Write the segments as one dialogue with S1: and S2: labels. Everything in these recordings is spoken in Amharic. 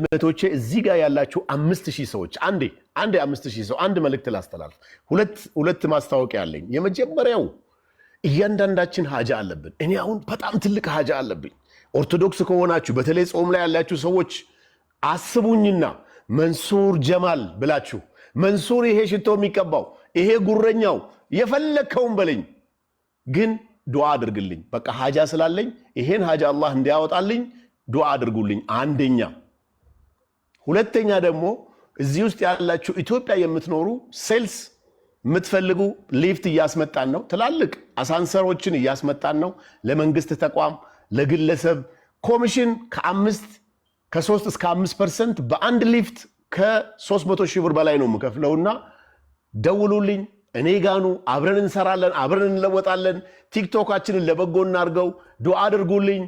S1: እህቶቼ እዚህ ጋር ያላችሁ አምስት ሺህ ሰዎች አንዴ አንዴ አምስት ሺህ ሰው አንድ መልእክት ላስተላልፍ። ሁለት ማስታወቂያ አለኝ። የመጀመሪያው እያንዳንዳችን ሀጃ አለብን። እኔ አሁን በጣም ትልቅ ሀጃ አለብኝ። ኦርቶዶክስ ከሆናችሁ በተለይ ጾም ላይ ያላችሁ ሰዎች አስቡኝና መንሱር ጀማል ብላችሁ መንሱር፣ ይሄ ሽቶ የሚቀባው ይሄ ጉረኛው የፈለግከውን በለኝ፣ ግን ዱዓ አድርግልኝ። በቃ ሀጃ ስላለኝ ይሄን ሀጃ አላህ እንዲያወጣልኝ ዱዓ አድርጉልኝ። አንደኛ ሁለተኛ ደግሞ እዚህ ውስጥ ያላችሁ ኢትዮጵያ የምትኖሩ ሴልስ የምትፈልጉ ሊፍት እያስመጣን ነው። ትላልቅ አሳንሰሮችን እያስመጣን ነው። ለመንግስት ተቋም፣ ለግለሰብ ኮሚሽን ከአምስት ከሶስት እስከ አምስት ፐርሰንት በአንድ ሊፍት ከ300 ሺህ ብር በላይ ነው የምከፍለውና ደውሉልኝ። እኔ ጋኑ አብረን እንሰራለን፣ አብረን እንለወጣለን። ቲክቶካችንን ለበጎ እናድርገው። ዱዓ አድርጉልኝ፣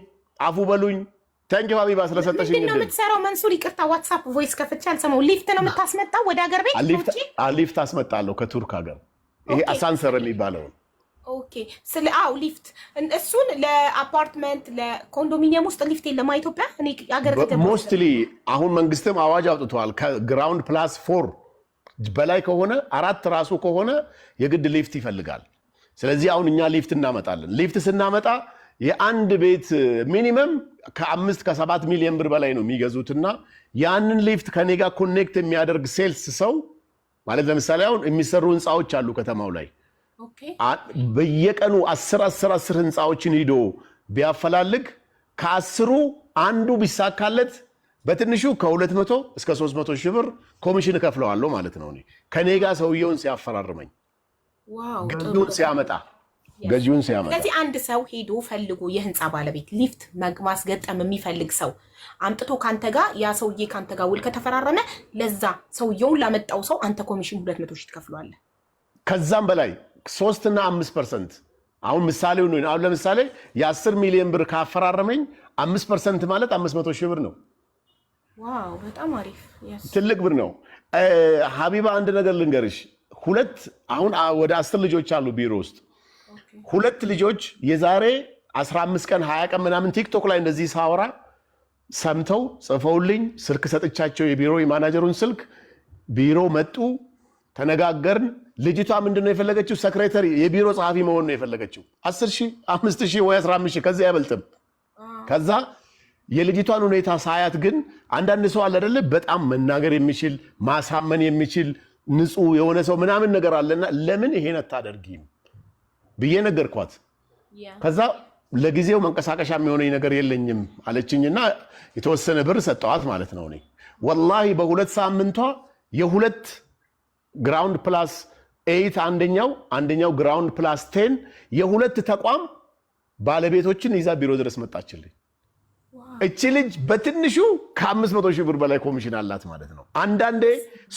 S1: አፉ በሉኝ። ታንኪ ሀቢባ ስለሰጠሽኝ። ምንድን ነው
S2: የምትሰራው? መንሱር ይቅርታ፣ ዋትሳፕ ቮይስ ከፍቼ አልሰማሁም። ሊፍት ነው የምታስመጣው ወደ ሀገር ቤት?
S1: ሊፍት አስመጣለሁ ከቱርክ ሀገር። ይሄ አሳንሰር የሚባለው
S2: ኦኬ። ስለ አዎ፣ ሊፍት እሱን ለአፓርትመንት ለኮንዶሚኒየም ውስጥ ሊፍት የለም ኢትዮጵያ።
S1: እኔ ሀገር ሞስትሊ አሁን መንግስትም አዋጅ አውጥተዋል። ከግራውንድ ፕላስ ፎር በላይ ከሆነ አራት ራሱ ከሆነ የግድ ሊፍት ይፈልጋል። ስለዚህ አሁን እኛ ሊፍት እናመጣለን። ሊፍት ስናመጣ የአንድ ቤት ሚኒመም ከአምስት ከሰባት ሚሊዮን ብር በላይ ነው የሚገዙትና ያንን ሊፍት ከኔ ጋር ኮኔክት የሚያደርግ ሴልስ ሰው ማለት ለምሳሌ አሁን የሚሰሩ ህንፃዎች አሉ ከተማው ላይ በየቀኑ አስር አስር አስር ህንፃዎችን ሂዶ ቢያፈላልግ ከአስሩ አንዱ ቢሳካለት በትንሹ ከ200 እስከ 300 ሺህ ብር ኮሚሽን እከፍለዋለሁ ማለት ነው። ከኔ ጋር ሰውየውን ሲያፈራርመኝ ገቢውን ሲያመጣ ገዢውን ሲያመጣ ስለዚህ
S2: አንድ ሰው ሄዶ ፈልጎ የህንፃ ባለቤት ሊፍት ማስገጠም የሚፈልግ ሰው አምጥቶ ካንተ ጋር ያ ሰውዬ ከአንተ ጋር ውል ከተፈራረመ ለዛ ሰውየውን ላመጣው ሰው አንተ ኮሚሽን ሁለት መቶ ሺህ ትከፍለዋለህ።
S1: ከዛም በላይ ሶስትና አምስት ፐርሰንት አሁን ምሳሌ ነው። አሁን ለምሳሌ የአስር ሚሊዮን ብር ካፈራረመኝ አምስት ፐርሰንት ማለት አምስት መቶ ሺህ ብር ነው።
S2: ዋው በጣም አሪፍ
S1: ትልቅ ብር ነው። ሀቢባ አንድ ነገር ልንገርሽ፣ ሁለት አሁን ወደ አስር ልጆች አሉ ቢሮ ውስጥ ሁለት ልጆች የዛሬ 15 ቀን 20 ቀን ምናምን ቲክቶክ ላይ እንደዚህ ሳወራ ሰምተው ጽፈውልኝ ስልክ ሰጥቻቸው የቢሮ የማናጀሩን ስልክ ቢሮ መጡ፣ ተነጋገርን። ልጅቷ ምንድን ነው የፈለገችው? ሰክሬተሪ የቢሮ ጸሐፊ መሆን ነው የፈለገችው። 10 ሺህ 5 ሺህ ወይ 15 ሺህ ከዚህ አይበልጥም። ከዛ የልጅቷን ሁኔታ ሳያት ግን አንዳንድ ሰው አለ አይደለ? በጣም መናገር የሚችል ማሳመን የሚችል ንጹህ የሆነ ሰው ምናምን ነገር አለና ለምን ይሄን አታደርጊም ብዬ ነገርኳት። ከዛ ለጊዜው መንቀሳቀሻ የሚሆነኝ ነገር የለኝም አለችኝና የተወሰነ ብር ሰጠዋት ማለት ነው። እኔ ወላሂ በሁለት ሳምንቷ የሁለት ግራውንድ ፕላስ ኤይት አንደኛው አንደኛው ግራውንድ ፕላስ ቴን የሁለት ተቋም ባለቤቶችን ይዛ ቢሮ ድረስ መጣችልኝ። እቺ ልጅ በትንሹ ከአምስት መቶ ሺህ ብር በላይ ኮሚሽን አላት ማለት ነው። አንዳንዴ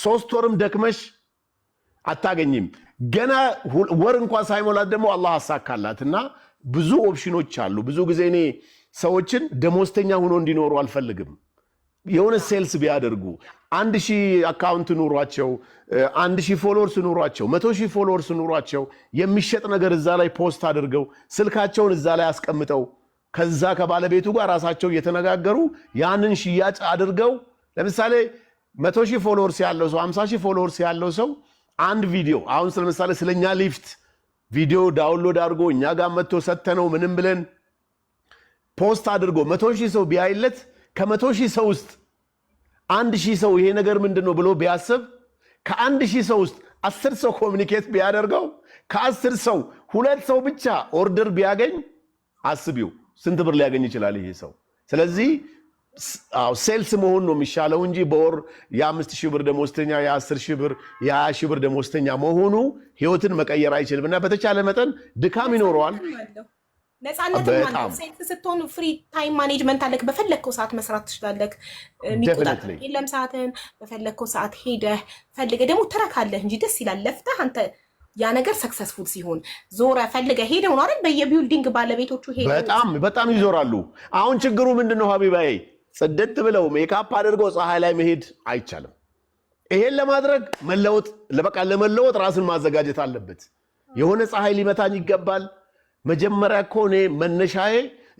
S1: ሶስት ወርም ደክመሽ አታገኝም። ገና ወር እንኳ ሳይሞላት ደግሞ አላህ አሳካላት እና ብዙ ኦፕሽኖች አሉ። ብዙ ጊዜ እኔ ሰዎችን ደሞዝተኛ ሆኖ እንዲኖሩ አልፈልግም። የሆነ ሴልስ ቢያደርጉ አንድ ሺህ አካውንት ኑሯቸው፣ አንድ ሺህ ፎሎወርስ ኑሯቸው፣ መቶ ሺህ ፎሎወርስ ኑሯቸው የሚሸጥ ነገር እዛ ላይ ፖስት አድርገው ስልካቸውን እዛ ላይ አስቀምጠው ከዛ ከባለቤቱ ጋር ራሳቸው እየተነጋገሩ ያንን ሽያጭ አድርገው ለምሳሌ መቶ ሺህ ፎሎወርስ ያለው ሰው አምሳ ሺህ ፎሎወርስ ያለው ሰው አንድ ቪዲዮ አሁን ስለምሳሌ ስለኛ ሊፍት ቪዲዮ ዳውንሎድ አድርጎ እኛ ጋር መጥቶ ሰተነው ምንም ብለን ፖስት አድርጎ መቶ ሺህ ሰው ቢያይለት ከመቶ ሺህ ሰው ውስጥ አንድ ሺህ ሰው ይሄ ነገር ምንድን ነው ብሎ ቢያስብ ከአንድ ሺህ ሰው ውስጥ አስር ሰው ኮሚኒኬት ቢያደርገው ከአስር ሰው ሁለት ሰው ብቻ ኦርደር ቢያገኝ አስቢው ስንት ብር ሊያገኝ ይችላል ይሄ ሰው። ስለዚህ ሴልስ መሆን ነው የሚሻለው እንጂ በወር የአምስት ሺህ ብር ደሞዝተኛ የአስር ሺህ ብር የሀያ ሺህ ብር ደሞዝተኛ መሆኑ ህይወትን መቀየር አይችልም እና በተቻለ መጠን ድካም ይኖረዋል።
S2: ነጻነትም ስትሆን ፍሪ ታይም ማኔጅመንት አለክ። በፈለግከው ሰዓት መስራት ትችላለክ። የሚቆጣጠር የለም ሰዓትን በፈለግከው ሰዓት ሄደህ ፈልገህ ደግሞ ትረካለህ እንጂ ደስ ይላል። ለፍተህ አንተ ያ ነገር ሰክሰስፉል ሲሆን ዞረ ፈልገ ሄደው ነው አይደል? በየቢልዲንግ ባለቤቶቹ ሄደው
S1: በጣም በጣም ይዞራሉ። አሁን ችግሩ ምንድን ነው ሀቢባዬ? ጽድት ብለው ሜካፕ አድርገው ፀሐይ ላይ መሄድ አይቻልም። ይሄን ለማድረግ መለወጥ ለበቃ ለመለወጥ ራስን ማዘጋጀት አለበት። የሆነ ፀሐይ ሊመታኝ ይገባል። መጀመሪያ እኮ እኔ መነሻዬ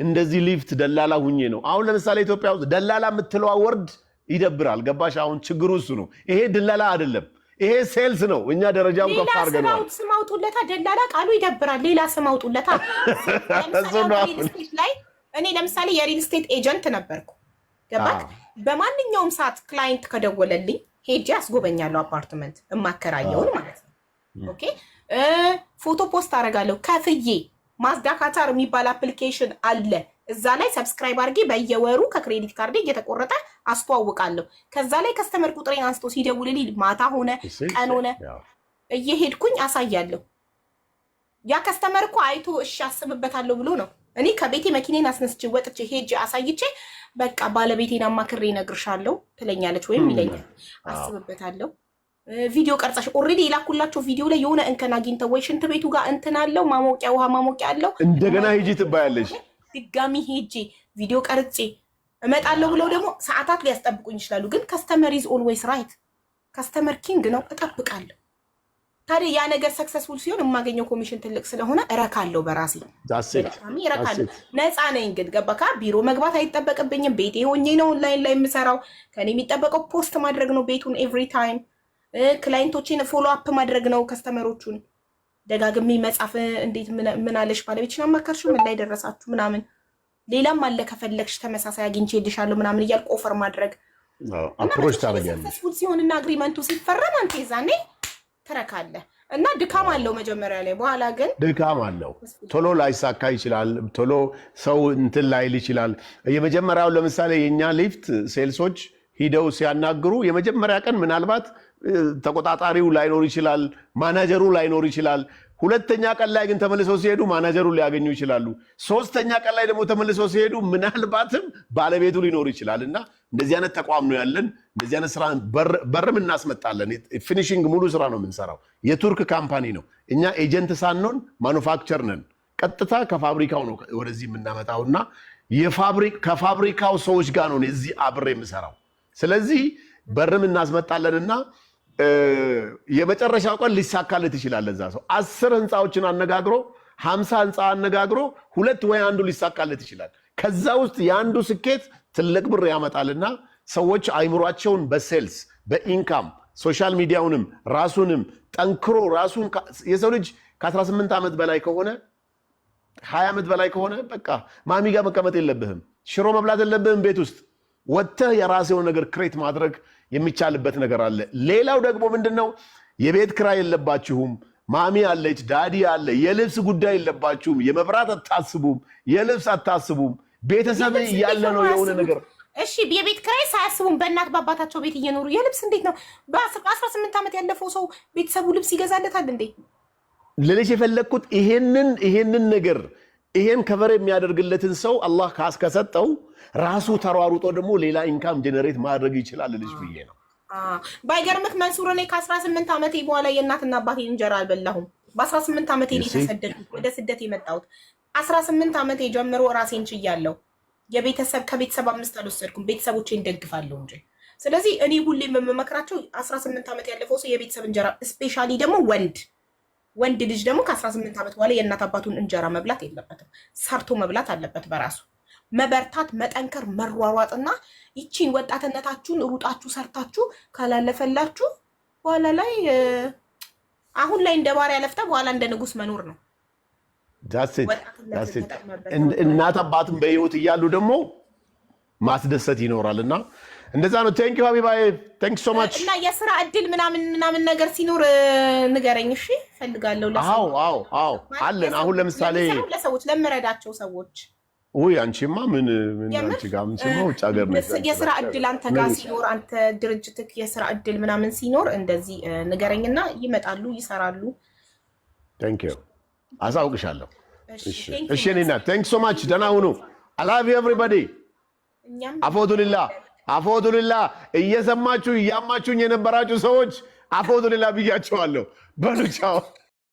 S1: እንደዚህ ሊፍት ደላላ ሁኜ ነው። አሁን ለምሳሌ ኢትዮጵያ ውስጥ ደላላ የምትለዋ ወርድ ይደብራል። ገባሽ? አሁን ችግሩ እሱ ነው። ይሄ ደላላ አይደለም፣ ይሄ ሴልስ ነው። እኛ ደረጃውን
S2: ከፍ አድርገነዋል። ስም አውጡለታ፣ ደላላ ቃሉ ይደብራል። ሌላ ስም አውጡለታ። እኔ ለምሳሌ የሪል ስቴት ኤጀንት ነበርኩ ገባክ? በማንኛውም ሰዓት ክላይንት ከደወለልኝ ሄጄ አስጎበኛለሁ። አፓርትመንት እማከራየውን ማለት ነው። ኦኬ ፎቶ ፖስት አደርጋለሁ ከፍዬ። ማዝዳ ካታር የሚባል አፕሊኬሽን አለ። እዛ ላይ ሰብስክራይብ አድርጌ በየወሩ ከክሬዲት ካርዴ እየተቆረጠ አስተዋውቃለሁ። ከዛ ላይ ከስተመር ቁጥሬን አንስቶ ሲደውልልኝ ማታ ሆነ ቀን ሆነ እየሄድኩኝ አሳያለሁ። ያ ከስተመር እኮ አይቶ እሺ አስብበታለሁ ብሎ ነው እኔ ከቤቴ መኪናን አስነስቼ ወጥቼ ሄጄ አሳይቼ በቃ ባለቤቴን አማክሬ እነግርሻለሁ ትለኛለች ወይም ይለኛል። አስብበታለሁ። ቪዲዮ ቀርጸሽ ኦልሬዲ የላኩላቸው ቪዲዮ ላይ የሆነ እንከን አግኝተው ወይ ሽንት ቤቱ ጋር እንትን አለው ማሞቂያ ውሃ ማሞቂያ አለው
S1: እንደገና ሄጂ ትባያለሽ።
S2: ድጋሚ ሄጄ ቪዲዮ ቀርጬ እመጣለሁ ብለው ደግሞ ሰዓታት ሊያስጠብቁኝ ይችላሉ። ግን ከስተመር ኢዝ ኦልዌይስ ራይት። ከስተመር ኪንግ ነው። እጠብቃለሁ። ታዲያ ያ ነገር ሰክሰስፉል ሲሆን የማገኘው ኮሚሽን ትልቅ ስለሆነ እረካለሁ፣ በራሴ እረካለሁ። ነፃ ነኝ ግን ገባካ። ቢሮ መግባት አይጠበቅብኝም። ቤቴ ሆኜ ነው ኦንላይን ላይ የምሰራው። ከኔ የሚጠበቀው ፖስት ማድረግ ነው ቤቱን ኤቭሪ ታይም፣ ክላይንቶችን ፎሎ አፕ ማድረግ ነው፣ ከስተመሮቹን ደጋግሜ መጻፍ፣ እንዴት ምን አለሽ ባለቤትሽን አማከርሽ፣ ምን ላይ ደረሳችሁ ምናምን። ሌላም አለ ከፈለግሽ ተመሳሳይ አግኝቼልሻለሁ ምናምን እያልኩ ኦፈር ማድረግ እና ሲሆንና አግሪመንቱ ሲፈረም አንተ ትረካለህ እና ድካም አለው መጀመሪያ ላይ፣ በኋላ ግን ድካም አለው። ቶሎ ላይሳካ ይችላል። ቶሎ ሰው እንትን ላይል ይችላል። የመጀመሪያው ለምሳሌ የእኛ ሊፍት ሴልሶች ሂደው ሲያናግሩ የመጀመሪያ ቀን ምናልባት ተቆጣጣሪው ላይኖር ይችላል፣ ማናጀሩ ላይኖር ይችላል። ሁለተኛ ቀን ላይ ግን ተመልሰው ሲሄዱ ማናጀሩን ሊያገኙ ይችላሉ። ሶስተኛ ቀን ላይ ደግሞ ተመልሰው ሲሄዱ ምናልባትም ባለቤቱ ሊኖር ይችላል እና እንደዚህ አይነት ተቋም ነው ያለን። እንደዚህ አይነት ስራ በርም እናስመጣለን። ፊኒሽንግ ሙሉ ስራ ነው የምንሰራው። የቱርክ ካምፓኒ ነው። እኛ ኤጀንት ሳንሆን ማኑፋክቸር ነን። ቀጥታ ከፋብሪካው ነው ወደዚህ የምናመጣው እና ከፋብሪካው ሰዎች ጋር ነው እዚህ አብሬ የምሰራው። ስለዚህ በርም እናስመጣለንና የመጨረሻው ቀን ሊሳካለት ይችላል። እዛ ሰው አስር ህንፃዎችን አነጋግሮ ሀምሳ ህንፃ አነጋግሮ ሁለት ወይ አንዱ ሊሳካለት ይችላል። ከዛ ውስጥ የአንዱ ስኬት ትልቅ ብር ያመጣልና ሰዎች አይምሯቸውን በሴልስ በኢንካም ሶሻል ሚዲያውንም ራሱንም ጠንክሮ ራሱን የሰው ልጅ ከ18 ዓመት በላይ ከሆነ 20 ዓመት በላይ ከሆነ በቃ ማሚ ጋር መቀመጥ የለብህም፣ ሽሮ መብላት የለብህም። ቤት ውስጥ ወጥተህ የራስህ የሆነ ነገር ክሬት ማድረግ የሚቻልበት ነገር አለ። ሌላው ደግሞ ምንድን ነው? የቤት ክራይ የለባችሁም። ማሚ አለች፣ ዳዲ አለ። የልብስ ጉዳይ የለባችሁም። የመብራት አታስቡም፣ የልብስ አታስቡም። ቤተሰብ እያለ ነው የሆነ ነገር እሺ የቤት ክራይ ሳያስቡም በእናት በአባታቸው ቤት እየኖሩ የልብስ እንዴት ነው? በአስራ ስምንት ዓመት ያለፈው ሰው ቤተሰቡ ልብስ ይገዛለታል እንዴ? ልልሽ የፈለግኩት ይሄንን ይሄንን ነገር ይሄን ከበር የሚያደርግለትን ሰው አላህ ካስከሰጠው ራሱ ተሯሩጦ ደግሞ ሌላ ኢንካም ጀነሬት ማድረግ ይችላል ልጅ ብዬ ነው። ባይገርምህ መንሱር እኔ ከ18 ዓመቴ በኋላ የእናትና አባቴ እንጀራ አልበላሁም። በ18 ዓመቴ የተሰደድኩት ወደ ስደት የመጣሁት 18 ዓመቴ ጀምሮ ራሴን ችያለሁ። የቤተሰብ ከቤተሰብ አምስት አልወሰድኩም። ቤተሰቦቼን ደግፋለሁ እንጂ ስለዚህ እኔ ሁሌ የምመክራቸው 18 ዓመት ያለፈው ሰው የቤተሰብ እንጀራ ስፔሻሊ ደግሞ ወንድ ወንድ ልጅ ደግሞ ከ18 ዓመት በኋላ የእናት አባቱን እንጀራ መብላት የለበትም። ሰርቶ መብላት አለበት በራሱ መበርታት፣ መጠንከር፣ መሯሯጥና ይቺን ወጣትነታችሁን ሩጣችሁ ሰርታችሁ ካላለፈላችሁ በኋላ ላይ አሁን ላይ እንደ ባሪያ ለፍተ በኋላ እንደ ንጉስ መኖር ነው። እናት አባትን በህይወት እያሉ ደግሞ ማስደሰት ይኖራል እና እንደዛ ነው። ቴንክ ዩ ሀቢባዬ ቴንክ ሶ ማች። እና የስራ እድል ምናምን ምናምን ነገር ሲኖር ንገረኝ እሺ፣ ፈልጋለሁ። አዎ አዎ አዎ አለን። አሁን ለምሳሌ ለሰዎች ለምረዳቸው ሰዎች ውይ አንቺማ ምን ምን አንቺ ጋር ምን ሲኖር ውጭ ሀገር ነው የስራ እድል አንተ ጋር ሲኖር አንተ ድርጅትክ የስራ እድል ምናምን ሲኖር እንደዚህ ንገረኝና ይመጣሉ፣ ይሰራሉ። ቴንክ ዩ አሳውቅሻለሁ። እሺ እሺ፣ እኔና ቴንክ ሶ ማች። ደህና ሁኑ። አይ ላቭ ዩ ኤቭሪባዲ። አፎቱሊላ አፎዱልላ እየሰማችሁ እያማችሁኝ የነበራችሁ ሰዎች አፎዱልላ ብያቸዋለሁ። በሉ ቻው።